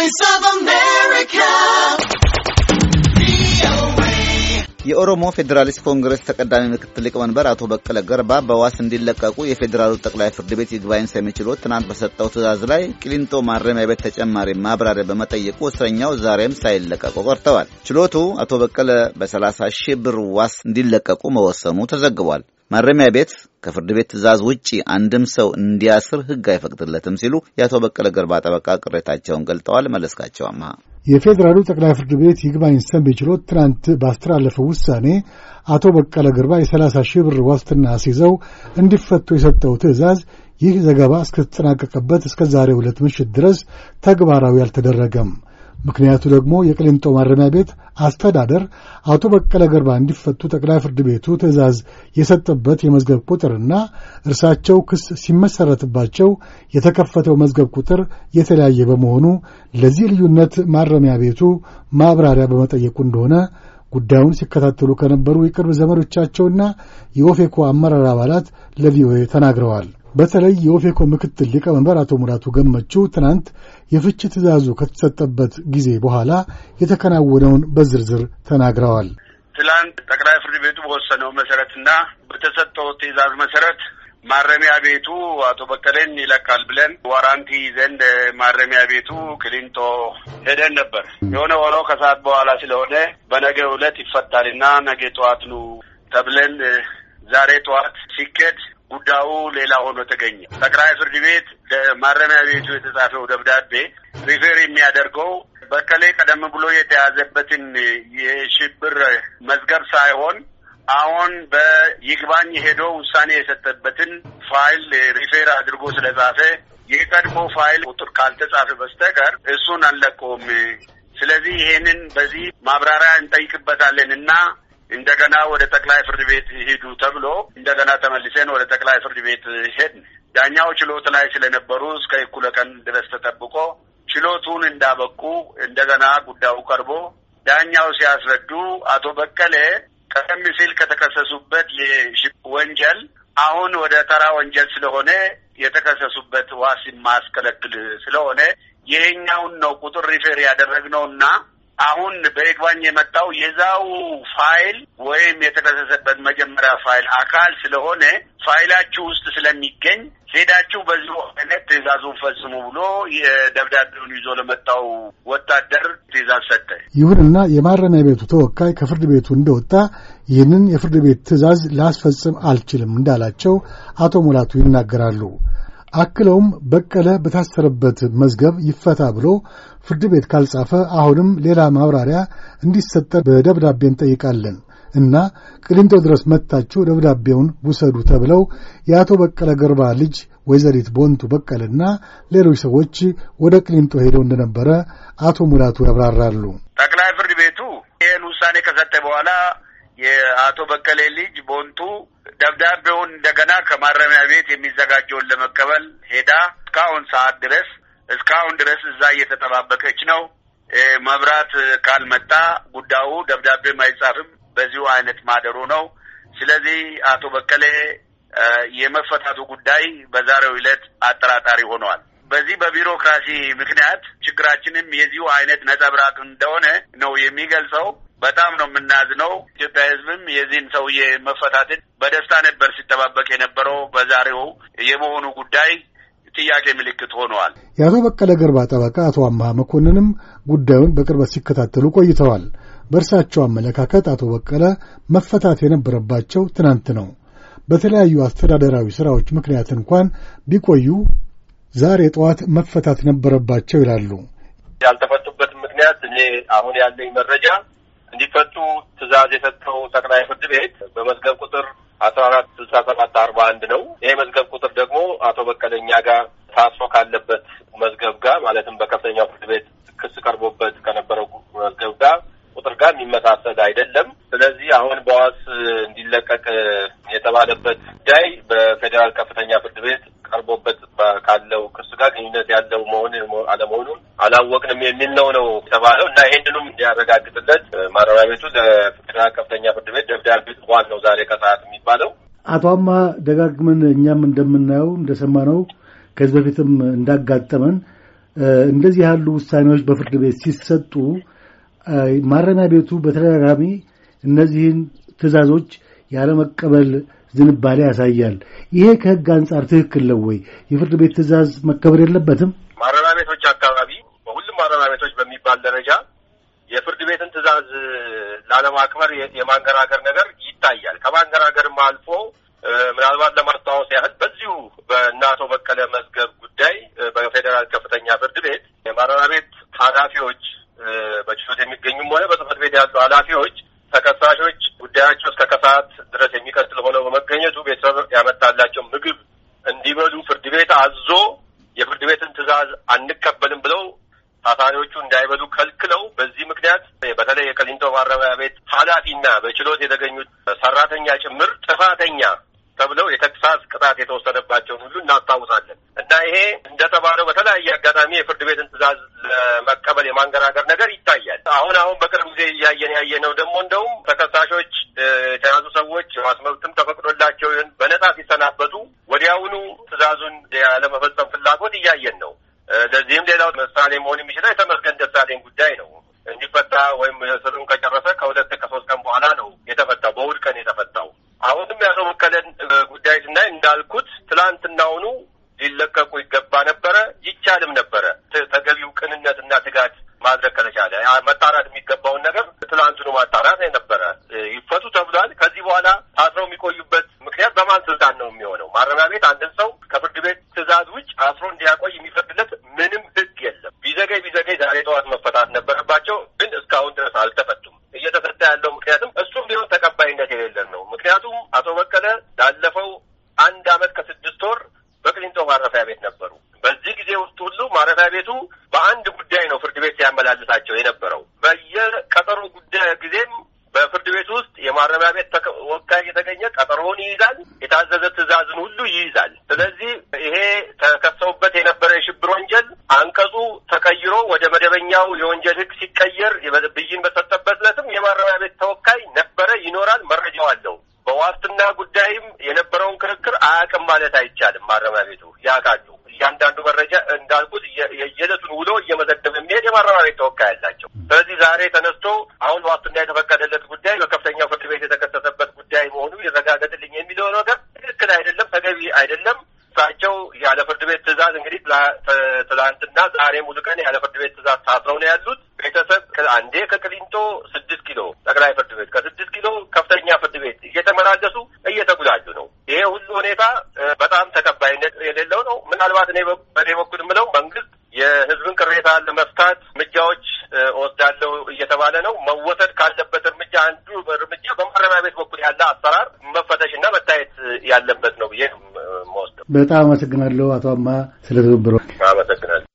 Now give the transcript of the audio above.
Voice of America. የኦሮሞ ፌዴራሊስት ኮንግረስ ተቀዳሚ ምክትል ሊቀመንበር አቶ በቀለ ገርባ በዋስ እንዲለቀቁ የፌዴራሉ ጠቅላይ ፍርድ ቤት ይግባኝ ሰሚ ችሎት ትናንት በሰጠው ትዕዛዝ ላይ ቂሊንጦ ማረሚያ ቤት ተጨማሪ ማብራሪያ በመጠየቁ እስረኛው ዛሬም ሳይለቀቁ ቀርተዋል። ችሎቱ አቶ በቀለ በ30 ሺህ ብር ዋስ እንዲለቀቁ መወሰኑ ተዘግቧል። ማረሚያ ቤት ከፍርድ ቤት ትዕዛዝ ውጪ አንድም ሰው እንዲያስር ሕግ አይፈቅድለትም ሲሉ የአቶ በቀለ ገርባ ጠበቃ ቅሬታቸውን ገልጠዋል። መለስካቸው አመሃ የፌዴራሉ ጠቅላይ ፍርድ ቤት ይግባኝ ሰሚ ችሎት ትናንት ባስተላለፈው ውሳኔ አቶ በቀለ ገርባ የሰላሳ ሺህ ብር ዋስትና አስይዘው እንዲፈቱ የሰጠው ትዕዛዝ ይህ ዘገባ እስከተጠናቀቀበት እስከ ዛሬ ሁለት ምሽት ድረስ ተግባራዊ አልተደረገም። ምክንያቱ ደግሞ የቅሊንጦ ማረሚያ ቤት አስተዳደር አቶ በቀለ ገርባ እንዲፈቱ ጠቅላይ ፍርድ ቤቱ ትዕዛዝ የሰጠበት የመዝገብ ቁጥርና እርሳቸው ክስ ሲመሰረትባቸው የተከፈተው መዝገብ ቁጥር የተለያየ በመሆኑ ለዚህ ልዩነት ማረሚያ ቤቱ ማብራሪያ በመጠየቁ እንደሆነ ጉዳዩን ሲከታተሉ ከነበሩ የቅርብ ዘመዶቻቸውና የኦፌኮ አመራር አባላት ለቪኦኤ ተናግረዋል። በተለይ የኦፌኮ ምክትል ሊቀመንበር አቶ ሙራቱ ገመቹ ትናንት የፍች ትእዛዙ ከተሰጠበት ጊዜ በኋላ የተከናወነውን በዝርዝር ተናግረዋል። ትላንት ጠቅላይ ፍርድ ቤቱ በወሰነው መሰረትና በተሰጠው ትእዛዝ መሰረት ማረሚያ ቤቱ አቶ በቀለን ይለቃል ብለን ዋራንቲ ይዘን ማረሚያ ቤቱ ክሊንቶ ሄደን ነበር። የሆነ ሆኖ ከሰዓት በኋላ ስለሆነ በነገ ዕለት ይፈታልና ነገ ጠዋት ኑ ተብለን ዛሬ ጠዋት ሲኬድ ጉዳዩ ሌላ ሆኖ ተገኘ። ጠቅላይ ፍርድ ቤት ለማረሚያ ቤቱ የተጻፈው ደብዳቤ ሪፌር የሚያደርገው በከሌ ቀደም ብሎ የተያዘበትን የሽብር መዝገብ ሳይሆን አሁን በይግባኝ ሄዶ ውሳኔ የሰጠበትን ፋይል ሪፌር አድርጎ ስለጻፈ የቀድሞ ፋይል ቁጥር ካልተጻፈ በስተቀር እሱን አልለቀውም። ስለዚህ ይሄንን በዚህ ማብራሪያ እንጠይቅበታለን እና እንደገና ወደ ጠቅላይ ፍርድ ቤት ሂዱ ተብሎ እንደገና ተመልሰን ወደ ጠቅላይ ፍርድ ቤት ሄድን። ዳኛው ችሎት ላይ ስለነበሩ እስከ እኩለ ቀን ድረስ ተጠብቆ ችሎቱን እንዳበቁ እንደገና ጉዳዩ ቀርቦ ዳኛው ሲያስረዱ አቶ በቀሌ ቀደም ሲል ከተከሰሱበት የሽብር ወንጀል አሁን ወደ ተራ ወንጀል ስለሆነ የተከሰሱበት ዋስ የማያስከለክል ስለሆነ ይሄኛውን ነው ቁጥር ሪፌር ያደረግነውና አሁን በይግባኝ የመጣው የዛው ፋይል ወይም የተከሰሰበት መጀመሪያ ፋይል አካል ስለሆነ ፋይላችሁ ውስጥ ስለሚገኝ ሄዳችሁ በዚሁ አይነት ትእዛዙን ፈጽሙ ብሎ የደብዳቤውን ይዞ ለመጣው ወታደር ትእዛዝ ሰጠ። ይሁንና የማረሚያ ቤቱ ተወካይ ከፍርድ ቤቱ እንደወጣ ይህንን የፍርድ ቤት ትዕዛዝ ላስፈጽም አልችልም እንዳላቸው አቶ ሙላቱ ይናገራሉ። አክለውም በቀለ በታሰረበት መዝገብ ይፈታ ብሎ ፍርድ ቤት ካልጻፈ አሁንም ሌላ ማብራሪያ እንዲሰጠ በደብዳቤ እንጠይቃለን እና ቅሊንጦ ድረስ መጥታችሁ ደብዳቤውን ውሰዱ ተብለው የአቶ በቀለ ገርባ ልጅ ወይዘሪት ቦንቱ በቀለና ሌሎች ሰዎች ወደ ቅሊንጦ ሄደው እንደነበረ አቶ ሙላቱ ያብራራሉ። ጠቅላይ ፍርድ ቤቱ ይህን ውሳኔ ከሰጠ በኋላ የአቶ በቀለ ልጅ ቦንቱ ደብዳቤውን እንደገና ከማረሚያ ቤት የሚዘጋጀውን ለመቀበል ሄዳ እስካሁን ሰዓት ድረስ እስካሁን ድረስ እዛ እየተጠባበቀች ነው። መብራት ካልመጣ ጉዳዩ ደብዳቤም አይጻፍም። በዚሁ አይነት ማደሩ ነው። ስለዚህ አቶ በቀሌ የመፈታቱ ጉዳይ በዛሬው ዕለት አጠራጣሪ ሆነዋል። በዚህ በቢሮክራሲ ምክንያት ችግራችንም የዚሁ አይነት ነጸብራቅ እንደሆነ ነው የሚገልጸው። በጣም ነው የምናዝነው። ኢትዮጵያ ሕዝብም የዚህን ሰውዬ መፈታትን በደስታ ነበር ሲጠባበቅ የነበረው። በዛሬው የመሆኑ ጉዳይ ጥያቄ ምልክት ሆነዋል። የአቶ በቀለ ገርባ ጠበቃ አቶ አምሃ መኮንንም ጉዳዩን በቅርበት ሲከታተሉ ቆይተዋል። በእርሳቸው አመለካከት አቶ በቀለ መፈታት የነበረባቸው ትናንት ነው። በተለያዩ አስተዳደራዊ ስራዎች ምክንያት እንኳን ቢቆዩ ዛሬ ጠዋት መፈታት ነበረባቸው ይላሉ። ያልተፈቱበት ምክንያት እኔ አሁን ያለኝ መረጃ እንዲፈቱ ትዕዛዝ የሰጠው ጠቅላይ ፍርድ ቤት በመዝገብ ቁጥር አስራ አራት ስልሳ ሰባት አርባ አንድ ነው። ይሄ መዝገብ ቁጥር ደግሞ አቶ በቀለኛ ጋር ታስሮ ካለበት መዝገብ ጋር ማለትም በከፍተኛው ፍርድ ቤት ክስ ቀርቦበት ከነበረው መዝገብ ጋር ቁጥር ጋር የሚመሳሰል አይደለም። ስለዚህ አሁን በዋስ እንዲለቀቅ የተባለበት ጉዳይ በፌዴራል ከፍተኛ ፍርድ ቤት ቀርቦበት ካለው ክሱ ጋር ግንኙነት ያለው መሆን አለመሆኑን አላወቅንም የሚል ነው ነው የተባለው እና ይህንንም እንዲያረጋግጥለት ማረሚያ ቤቱ ለፍቅና ከፍተኛ ፍርድ ቤት ደብዳቤ ጽፏል ነው ዛሬ ከሰዓት የሚባለው። አቶ አማ ደጋግመን እኛም እንደምናየው እንደሰማነው ከዚህ በፊትም እንዳጋጠመን እንደዚህ ያሉ ውሳኔዎች በፍርድ ቤት ሲሰጡ ማረሚያ ቤቱ በተደጋጋሚ እነዚህን ትዕዛዞች ያለመቀበል ዝንባሌ ያሳያል። ይሄ ከህግ አንጻር ትክክል ነው ወይ? የፍርድ ቤት ትዕዛዝ መከበር የለበትም? ማረሚያ ቤቶች አካባቢ በሁሉም ማረሚያ ቤቶች በሚባል ደረጃ የፍርድ ቤትን ትዕዛዝ ላለማክበር የማንገራገር ነገር ይታያል። ከማንገራገርም አልፎ ምናልባት ለማስታወስ ያህል በዚሁ በእነ አቶ በቀለ መዝገብ ጉዳይ በፌዴራል ከፍተኛ ፍርድ ቤት የማረሚያ ቤት ኃላፊዎች በችሎት የሚገኙም ሆነ በጽህፈት ቤት ያሉ ኃላፊዎች ተከሳሾች ጉዳያቸው እስከ ከሰዓት ፍርድ ቤት አዞ የፍርድ ቤትን ትዕዛዝ አንቀበልም ብለው ታሳሪዎቹ እንዳይበሉ ከልክለው በዚህ ምክንያት በተለይ የቀሊንጦ ማረሚያ ቤት ኃላፊና በችሎት የተገኙት ሰራተኛ ጭምር ጥፋተኛ ተብለው የተግሳጽ ቅጣት የተወሰደባቸውን ሁሉ እናስታውሳለን እና ይሄ እንደተባለው በተለያየ አጋጣሚ የፍርድ ቤትን ትዕዛዝ ለመቀበል የማንገራገር ነገር ይታያል። አሁን አሁን በቅርብ ጊዜ እያየን ያየነው ደግሞ እንደውም ተከሳሾች የተያዙ ሰዎች የዋስ መብትም ተፈቅዶላቸው በነጻ ሲሰናበቱ ወዲያውኑ ትዕዛዙን ያለመፈጸም ፍላጎት እያየን ነው። ለዚህም ሌላው ምሳሌ መሆን የሚችለው የተመስገን ደሳለኝ ጉዳይ ነው። እንዲፈታ ወይም ስሩን ከጨረሰ ከሁለት አይቻልም ነበረ። ተገቢው ቅንነት እና ትጋት ማድረግ ከተቻለ መጣራት የሚገባውን ነገር ትላንትኑ ማጣራት ነበረ። ይፈቱ ተብሏል። ከዚህ በኋላ ታስረው የሚቆዩበት ምክንያት በማን ስልጣን ነው የሚሆነው? ማረሚያ ቤት አንድን ሰው ከፍርድ ቤት ትዕዛዝ ውጭ አስሮ እንዲያቆይ የሚፈቅድለት ማረፊያ ቤቱ በአንድ ጉዳይ ነው ፍርድ ቤት ሲያመላልሳቸው የነበረው። በየቀጠሮ ጉዳይ ጊዜም በፍርድ ቤት ውስጥ የማረሚያ ቤት ወካይ የተገኘ ቀጠሮውን ይይዛል፣ የታዘዘ ትዕዛዝን ሁሉ ይይዛል። ስለዚህ ይሄ ተከሰውበት የነበረ የሽብር ወንጀል አንቀጹ ተቀይሮ ወደ መደበኛው የወንጀል ሕግ ሲቀየር ብይን በሰጠበት ዕለትም የማረሚያ ቤት ተወካይ ነበረ፣ ይኖራል፣ መረጃው አለው። በዋስትና ጉዳይም የነበረውን ክርክር አያውቅም ማለት አይቻልም። ማረሚያ ቤቱ ያውቃሉ። እያንዳንዱ መረጃ እንዳልኩ የየዕለቱን ውሎ እየመዘገበ የሚሄድ የማረሚያ ቤት ተወካይ አላቸው። ስለዚህ ዛሬ ተነስቶ አሁን ዋስትና የተፈቀደለት ጉዳይ በከፍተኛው ፍርድ ቤት የተከሰሰበት ጉዳይ መሆኑ ይረጋገጥልኝ የሚለው ነገር ትክክል አይደለም፣ ተገቢ አይደለም። እሳቸው ያለ ፍርድ ቤት ትዕዛዝ እንግዲህ ትላንትና ዛሬ ሙሉ ቀን ያለ ፍርድ ቤት ትእዛዝ ታስረው ነው ያሉት። ቤተሰብ አንዴ ከቅሊንጦ ስድስት ኪሎ ጠቅላይ ፍርድ ቤት፣ ከስድስት ኪሎ ከፍተኛ ፍርድ ቤት እየተመላለሱ እየተጉላጁ ነው። ይሄ ሁሉ ሁኔታ በጣም ተቀባይነት የሌለው ነው። ምናልባት እኔ በኔ በኩል የምለው መንግስት የህዝብን ቅሬታ ለመፍታት እርምጃዎች ወስዳለሁ እየተባለ ነው። መወሰድ ካለበት እርምጃ አንዱ እርምጃ በማረሚያ ቤት በኩል ያለ አሰራር መፈተሽና መታየት ያለበት ነው ብዬ ነው በጣም አመሰግናለሁ አቶ አማ ስለ ትብብሮ አመሰግናለሁ።